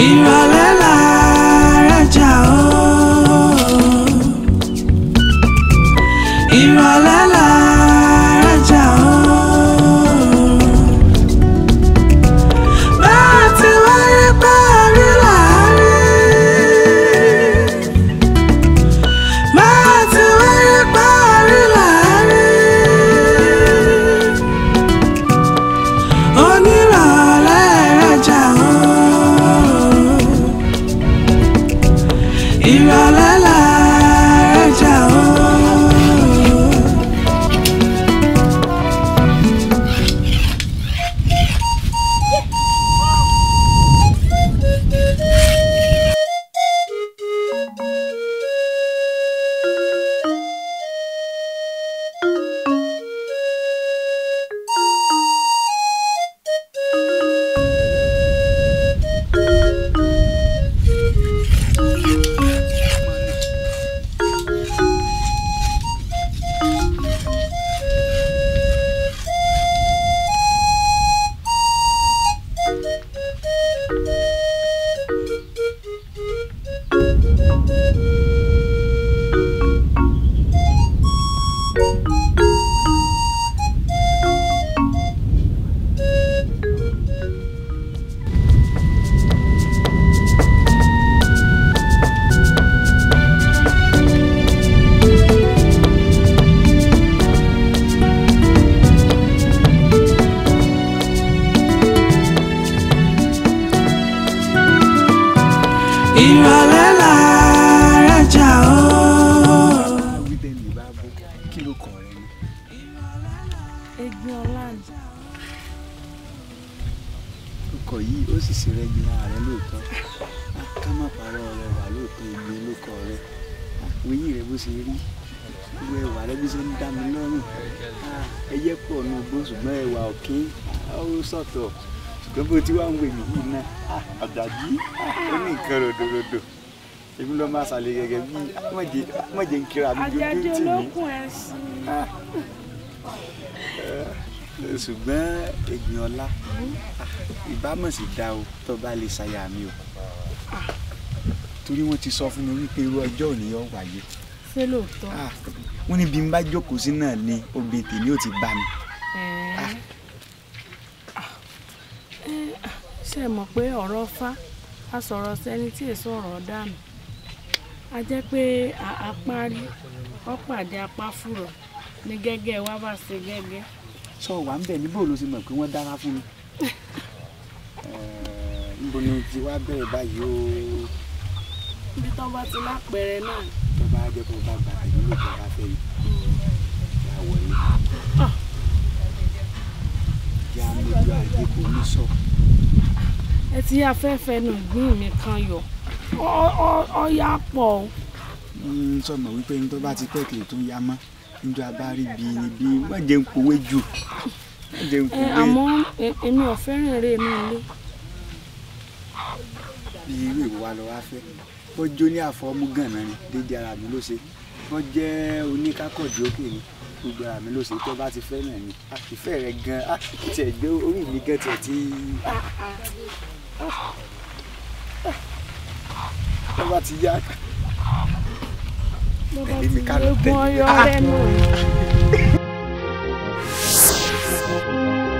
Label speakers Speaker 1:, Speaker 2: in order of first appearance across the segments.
Speaker 1: Here I la la ìrọ̀lẹ́ là rẹ̀ jà ó.
Speaker 2: ọkọ̀ yìí ó sì ṣe rẹ́gi lára rẹ lóòótọ́ ká má parọ́ ọ̀rọ̀ wà lóòótọ́ ìgbé lóko rẹ wíyí rẹ bó ṣe rí ìwé ẹwà rẹ bí ṣe ń dá mi lọ́rùn ah, ẹyẹ pọ̀ nù gbó ṣùgbọ́n ẹwà òkín ó sọ̀tọ̀ gbogbo tí wàá ń wè mí yìí náà àdàbí ah, ó ní nǹkan ròdòròdò èmi ló máa ṣàlẹ̀ gẹ́gẹ́ bí ah, mọ̀jẹ̀ ń kíra mi lójú tì mí ah, eh, ṣùgbọ́n ègbìn ọlá ìbámọ̀ sì dá o tó bá lè ṣàyà mi o torí wọ́n ti sọ fún mi wípé irú ọjọ́ òní yóò wáyé. ṣé lóòótọ́. wọ́n ní bí n bá jókòó sí náà ni obìnrin tèmi ò ti bá mi.
Speaker 1: ṣe mọ̀ pé ọ̀rọ̀ fá a sọ̀rọ̀ sẹ́ni tí èso ọ̀rọ̀ dànù a jẹ́ pé apá rí ọ̀pàdé apá fúrọ̀ ní gẹ́gẹ́ wa bá ṣe gẹ́gẹ́.
Speaker 2: sọ wà ń bẹ níbo ló ti mọ̀ pé wọ́n dára fún mi níbo ni ti wá bẹ̀rẹ̀ báyìí o. bí tó bá ti lápẹẹrẹ náà. tó bá jẹ́ kó bá gbà yín ló bá fẹ́ hmm. yìí yà wọlé. Ah. yà á mú ìlú àdékò oníṣọ́
Speaker 1: tí afẹ́fẹ́ náà gbé mi kan yọ
Speaker 2: ọ yá pọ̀ o. Mm, sọmọ wípé ní tó bá ti pẹ́ kìlì tó ń ya mọ́ níjọ abárí bí ni bí má jẹ́ ń kówé jù má jẹ́ ń kówé. àmọ́ e, èmi ò fẹ́ràn eré mi ilé. irú ìwà lọ wá fẹ́ ó jó ní àfọ́mú gànà ni dédé ara mi ló ṣe wọ́n jẹ́ oníkákọ̀dé òkè ni gbogbo ara mi ló ṣe tó bá ti fẹ́ náà ni ìfẹ́ rẹ̀ gan-an tiẹ̀ gbé orí mi gan tiẹ̀ tó bá ti yá tẹ̀lé mi ká lọ tẹ̀lé mi.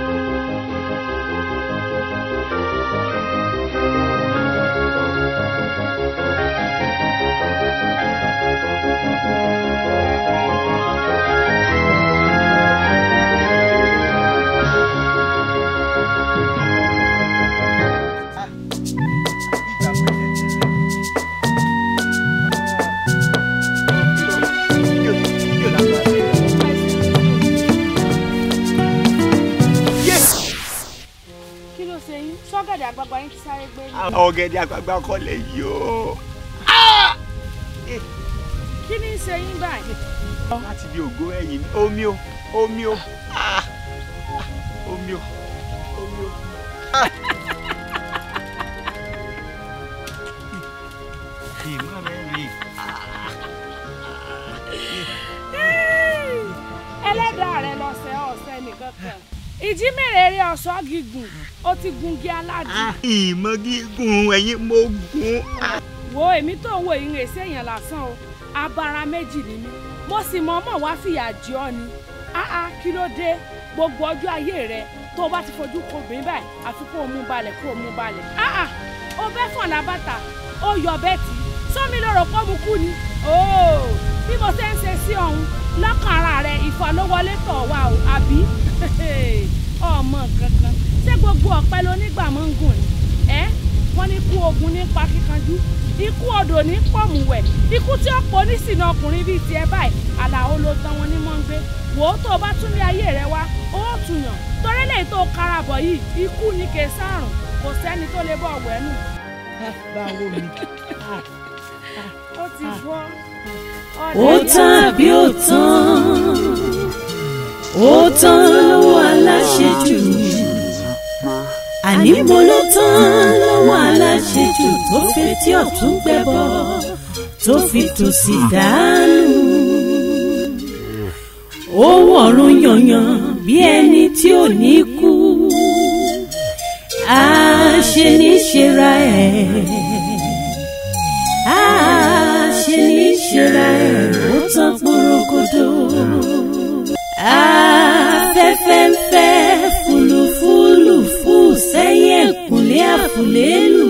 Speaker 2: ọ̀gẹ̀dẹ̀ àgbààgbà kọ́lé yìí o. kí ni ṣe yín báyìí. láti di ògo ẹ̀yìn omi o omi o ah, ah, omi o omi o. Ah.
Speaker 1: ìjí mèrèrè ọ̀sọ́ gígùn ó ti gungi aládùn. Ah, ìmọ̀ gígùn ẹ̀yin mo gun. wo èmi tó ń wo ìrìn èsì èèyàn lásán o abara méjì ni mí mo sì mọ ọmọ wá fìyà jẹ ọ ni áá ah, ah, kí ló dé gbogbo ọjọ́ ayé rẹ tó o bá ti fojú kó obìnrin báyìí àfi kó o mú balẹ̀ kó o mú balẹ̀ áá o bẹ́ fọ̀n lábàtà o yọ bẹ́ẹ̀tì sọ́mi lọ́rọ̀ pọ́ mu kú ni ooo bí mo ṣe ń ṣe sí ọ̀hún lọ́kàn ara rẹ ìfọ̀ ló wọlé tọ̀ wá o àbí. mọ́ kankan ṣé gbogbo ọ̀pẹ lónígbà mọ́ ń gùn ni ẹ́ wọ́n ní kú ogun nípa kíkanjú ikú odò ní pọ̀mùwẹ̀ ikú tí ó pọ̀ nísìnyí ọkùnrin bíi tiẹ̀ báyìí àlàó ló tán wọn ní mọ́ ń gbé wò ó tó o bá tún lé ayé rẹ wá ó tùyàn torí lè tó karabọ̀ yìí ikú ni kè sárùn kò sẹ́ni tó lè bọ̀ wẹ̀ ah, báwo ni ah, ah, ó ti fọ́. ó tán àbí ó tán ó tán lọ́wọ́ aláṣejù àní mo ló tán lọ́wọ́ aláṣejù tó fetí ọ̀tún gbẹ́bọ tó fi tòsì dànù ó wọ̀run yanyan bí ẹni tí ò ní kú á ṣe ní ṣera ẹ̀ á ṣe ní ṣera ẹ̀ ó tán porokodo. Ah fẹ́ńfẹ́ fúlùfúlùfù sẹ́yìn ẹ̀kúnlé àfúlélù.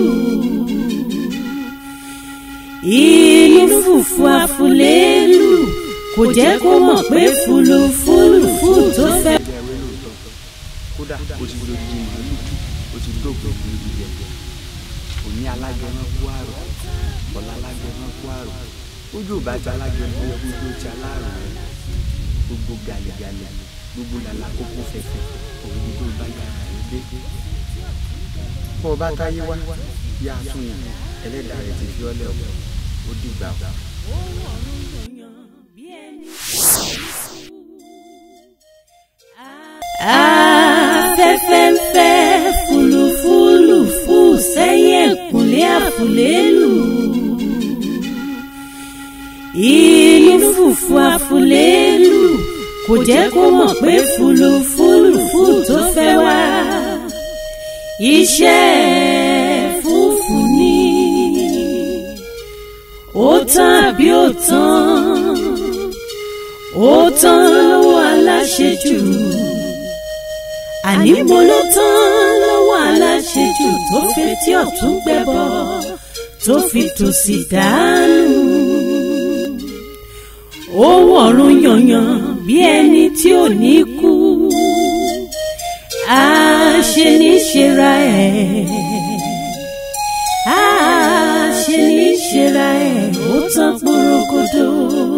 Speaker 1: inú fùfú àfúlélù kò jẹ́ kó mọ̀ pé fúlùfúlùfù tó fẹ́.
Speaker 2: kódà o ti dojú ìlú o ti dókòó níbi ìjẹ̀jẹ̀ òní alágbẹ̀mọ́ kú àrò ọ̀la alágbẹ̀mọ́ kú àrò ojú ò bá gba alágbẹ̀mọ́ ojú ojú ti aláàrò gbogbo gàlẹ́gàlẹ́ gbogbo làlà kókó fẹfẹ òun tó bá yàrá ilé bó o bá ń káyé wá yá a tún ẹlẹ́dàá rẹ̀ ti fi ọ́lẹ̀ ọ̀pọ̀ ó dìgbà wá.
Speaker 1: afẹ́fẹ́ fúlùfúlù fù sẹ́yìn ẹ̀kúnlé àfúlélù inú fùfú àfúlélù kò jẹ́ kó mọ̀ pé fúlùfúlùfù tó fẹ́ wá iṣẹ́ fúfú ni ó tán àbí ó tán ó tán lọ́wọ́ aláṣejù àní mo ló tán lọ́wọ́ aláṣejù tó fetí ọ̀tún gbẹ́bọ tó fi tòsì dànù ó wọ̀run yanyan bí ẹni tí ò ní kú á ṣe ní ṣera ẹ̀ á ṣe ní ṣera ẹ̀ ó tán porokodo.